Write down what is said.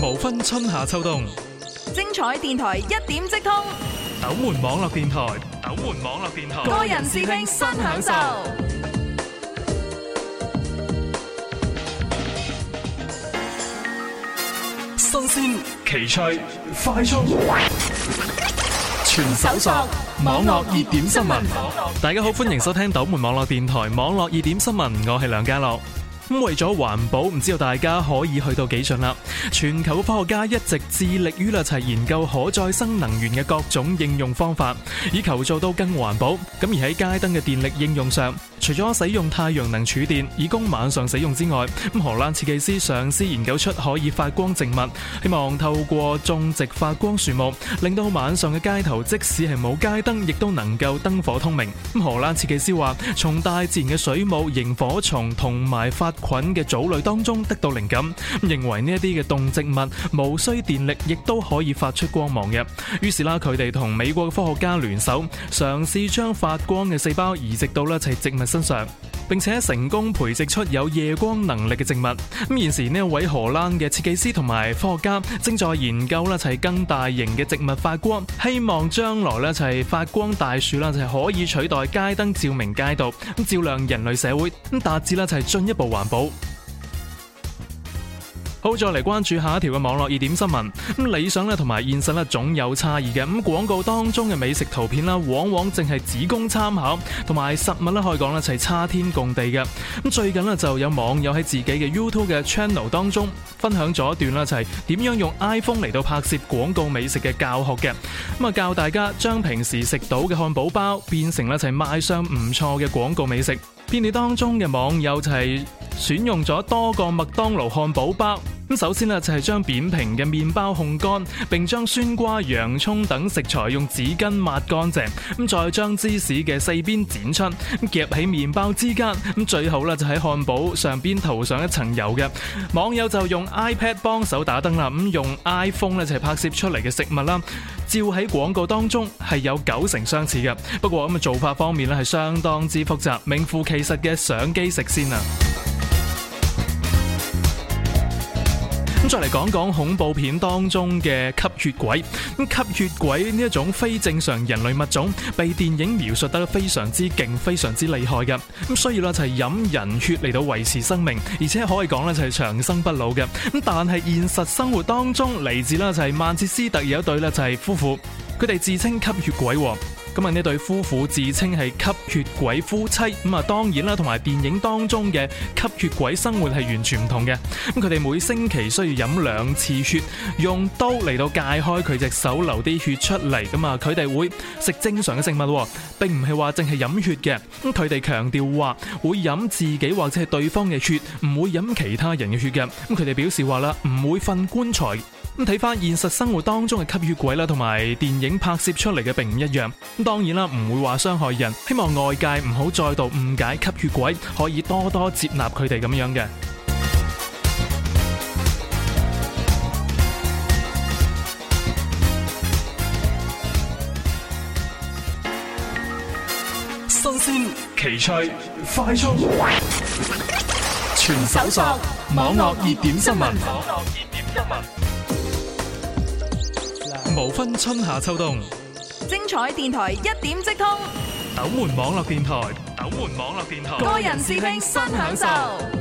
無分春夏秋冬，精彩電台一點即通。斗門網絡電台，斗門網絡電台，個人視聽新享受，新鮮奇趣，快速全搜索網絡熱點新聞。大家好，歡迎收聽斗門網絡電台網絡熱點新聞，我係梁家樂。咁為咗環保，唔知道大家可以去到幾順盡啦。全球科學家一直致力於一齊研究可再生能源嘅各種應用方法，以求做到更環保。咁而喺街燈嘅電力應用上，除咗使用太陽能儲電以供晚上使用之外，荷蘭設計師嘗試研究出可以發光植物，希望透過種植發光樹木，令到晚上嘅街頭即使係冇街燈，亦都能夠燈火通明。荷蘭設計師話：從大自然嘅水母、螢火蟲同埋發菌嘅藻類當中得到靈感，認為呢一啲嘅動植物無需電力亦都可以發出光芒嘅。於是啦，佢哋同美國嘅科學家聯手，嘗試將發光嘅細胞移植到呢一齊植物身上。並且成功培植出有夜光能力嘅植物。咁現時呢位荷蘭嘅設計師同埋科學家正在研究啦，就係更大型嘅植物發光，希望將來咧就係發光大樹啦，就係可以取代街燈照明街道，咁照亮人類社會，咁達至啦就係進一步環保。好，再嚟關注下一條嘅網絡熱點新聞。咁理想咧同埋現實咧總有差異嘅。咁廣告當中嘅美食圖片啦，往往淨係只供參考，同埋實物咧可以講呢就係差天共地嘅。咁最近咧就有網友喺自己嘅 YouTube 嘅 channel 當中分享咗一段啦，就係點樣用 iPhone 嚟到拍攝廣告美食嘅教學嘅。咁啊教大家將平時食到嘅漢堡包變成啦，就係賣相唔錯嘅廣告美食。片裡當中嘅網友就係。選用咗多個麥當勞漢堡包咁，首先呢就係將扁平嘅麵包烘乾，並將酸瓜、洋蔥等食材用紙巾抹乾淨咁，再將芝士嘅四邊剪出咁，夾喺麵包之間咁，最後呢，就喺漢堡上邊塗上一層油嘅。網友就用 iPad 幫手打燈啦，咁用 iPhone 呢就係拍攝出嚟嘅食物啦，照喺廣告當中係有九成相似嘅。不過咁嘅做法方面呢係相當之複雜，名副其實嘅相機食先啊。再嚟講講恐怖片當中嘅吸血鬼，咁吸血鬼呢，一種非正常人類物種，被電影描述得非常之勁，非常之厲害嘅。咁需要咧就係飲人血嚟到維持生命，而且可以講咧就係長生不老嘅。咁但係現實生活當中嚟自咧就係曼徹斯特有一對咧就係夫婦，佢哋自稱吸血鬼喎。咁啊呢對夫婦自稱係吸血鬼夫妻，咁啊當然啦，同埋電影當中嘅吸血鬼生活係完全唔同嘅。咁佢哋每星期需要飲兩次血，用刀嚟到解開佢隻手，流啲血出嚟。咁啊，佢哋會食正常嘅食物，並唔係話淨係飲血嘅。咁佢哋強調話會飲自己或者係對方嘅血，唔會飲其他人嘅血嘅。咁佢哋表示話啦，唔會瞓棺材。咁睇翻現實生活當中嘅吸血鬼啦，同埋電影拍攝出嚟嘅並唔一樣。咁當然啦，唔會話傷害人。希望外界唔好再度誤解吸血鬼，可以多多接納佢哋咁樣嘅。新鮮鮮奇趣 快速 全搜索網絡熱點新聞。網絡熱點新聞。無分春夏秋冬，精彩電台一點即通。斗門網絡電台，斗門網絡電台，個人視聽新享受。